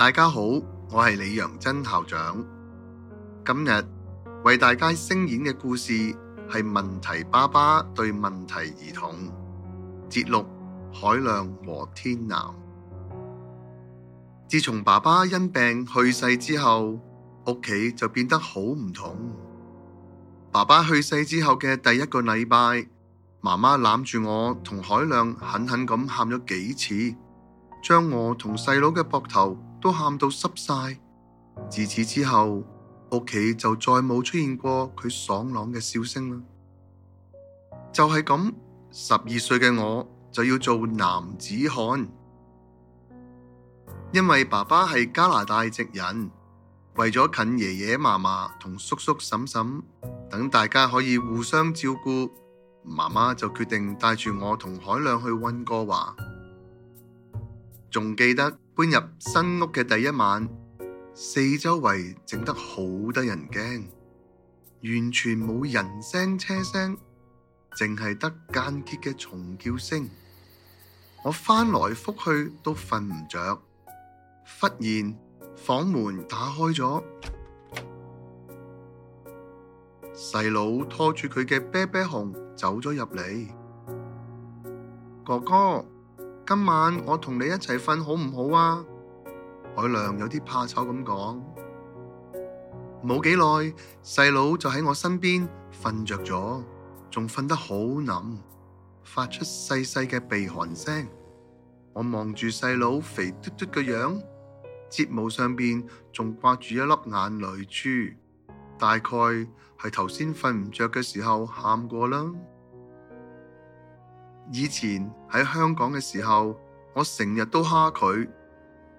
大家好，我係李揚真校長。今日為大家聲演嘅故事係問題爸爸對問題兒童節錄海亮和天藍。自從爸爸因病去世之後，屋企就變得好唔同。爸爸去世之後嘅第一個禮拜，媽媽攬住我同海亮狠狠咁喊咗幾次，將我同細佬嘅膊頭都喊到濕晒，自此之後屋企就再冇出現過佢爽朗嘅笑聲啦。就係咁，十二歲嘅我就要做男子漢，因為爸爸係加拿大籍人，為咗近爺爺嫲嫲同叔叔嬸嬸等大家可以互相照顧，媽媽就決定帶住我同海亮去溫哥華，仲記得。搬入新屋嘅第一晚，四周圍靜得好得人驚，完全冇人聲、車聲，淨係得間歇嘅蟲叫聲。我翻來覆去都瞓唔着，忽然房門打開咗，細佬拖住佢嘅啤啤熊走咗入嚟，哥哥。今晚我同你一齊瞓好唔好啊？海亮有啲怕醜咁講，冇幾耐細佬就喺我身邊瞓着咗，仲瞓得好腍，發出細細嘅鼻鼾聲。我望住細佬肥嘟嘟嘅樣，睫毛上邊仲掛住一粒眼淚珠，大概係頭先瞓唔着嘅時候喊過啦。以前喺香港嘅時候，我成日都蝦佢，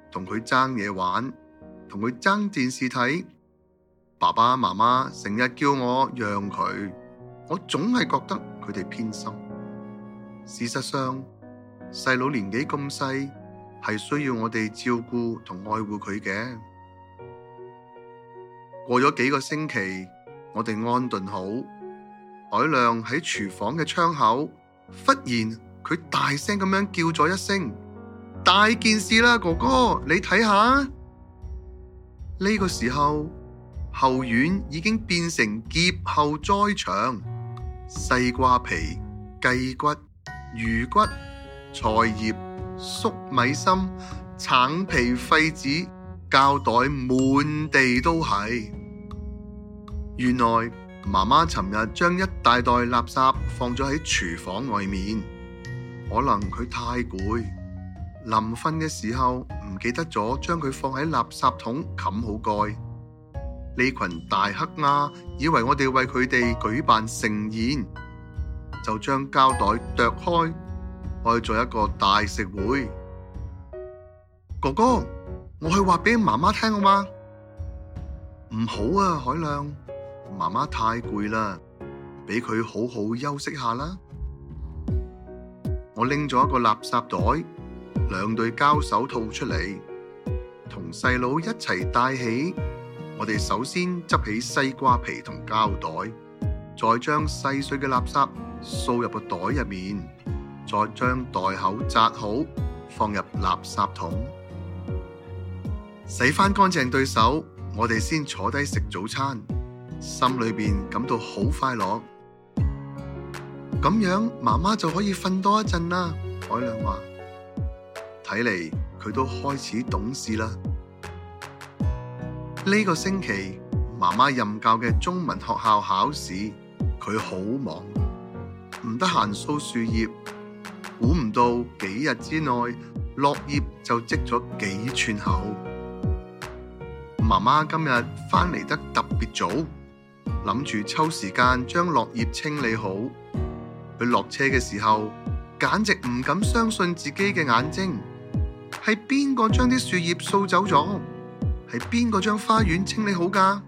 同佢爭嘢玩，同佢爭電視睇。爸爸媽媽成日叫我讓佢，我總係覺得佢哋偏心。事實上，細佬年紀咁細，係需要我哋照顧同愛護佢嘅。過咗幾個星期，我哋安頓好，海亮喺廚房嘅窗口。忽然，佢大聲咁樣叫咗一聲：大件事啦，哥哥，你睇下。呢個時候，後院已經變成劫後災場，西瓜皮、雞骨、魚骨、菜葉、粟米芯、橙皮、廢紙、膠袋滿地都係。原來。媽媽尋日將一大袋垃圾放咗喺廚房外面，可能佢太攰，臨瞓嘅時候唔記得咗將佢放喺垃圾桶冚好蓋。呢群大黑鴉以為我哋為佢哋舉辦盛宴，就將膠袋啄開，開做一個大食會。哥哥，我去話俾媽媽聽好嗎？唔好啊，海亮。媽媽太攰啦，俾佢好好休息下啦。我拎咗一個垃圾袋、兩對膠手套出嚟，同細佬一齊戴起。我哋首先執起西瓜皮同膠袋，再將細碎嘅垃圾掃入個袋入面，再將袋口紮好，放入垃圾桶。洗返乾淨對手，我哋先坐低食早餐。心裏邊感到好快樂，咁樣媽媽就可以瞓多一陣啦。海亮話。睇嚟佢都開始懂事啦。呢個星期媽媽任教嘅中文學校考試，佢好忙，唔得閒掃樹葉。估唔到幾日之內，落葉就積咗幾寸厚。媽媽今日翻嚟得特別早。諗住抽時間將落葉清理好。佢落車嘅時候，簡直唔敢相信自己嘅眼睛。係邊個將啲樹葉掃走咗？係邊個將花園清理好㗎？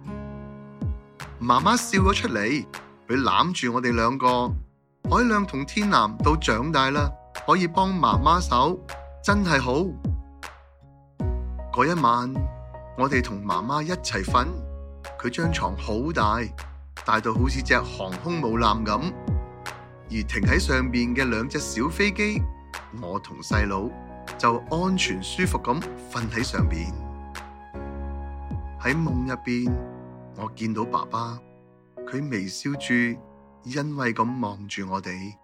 媽媽笑咗出嚟，佢攬住我哋兩個。海亮同天藍都長大啦，可以幫媽媽手，真係好。嗰一晚，我哋同媽媽一齊瞓。佢張床好大，大到好似隻航空母艦咁，而停喺上面嘅兩隻小飛機，我同細佬就安全舒服咁瞓喺上面。喺夢入面，我見到爸爸，佢微笑住欣慰咁望住我哋。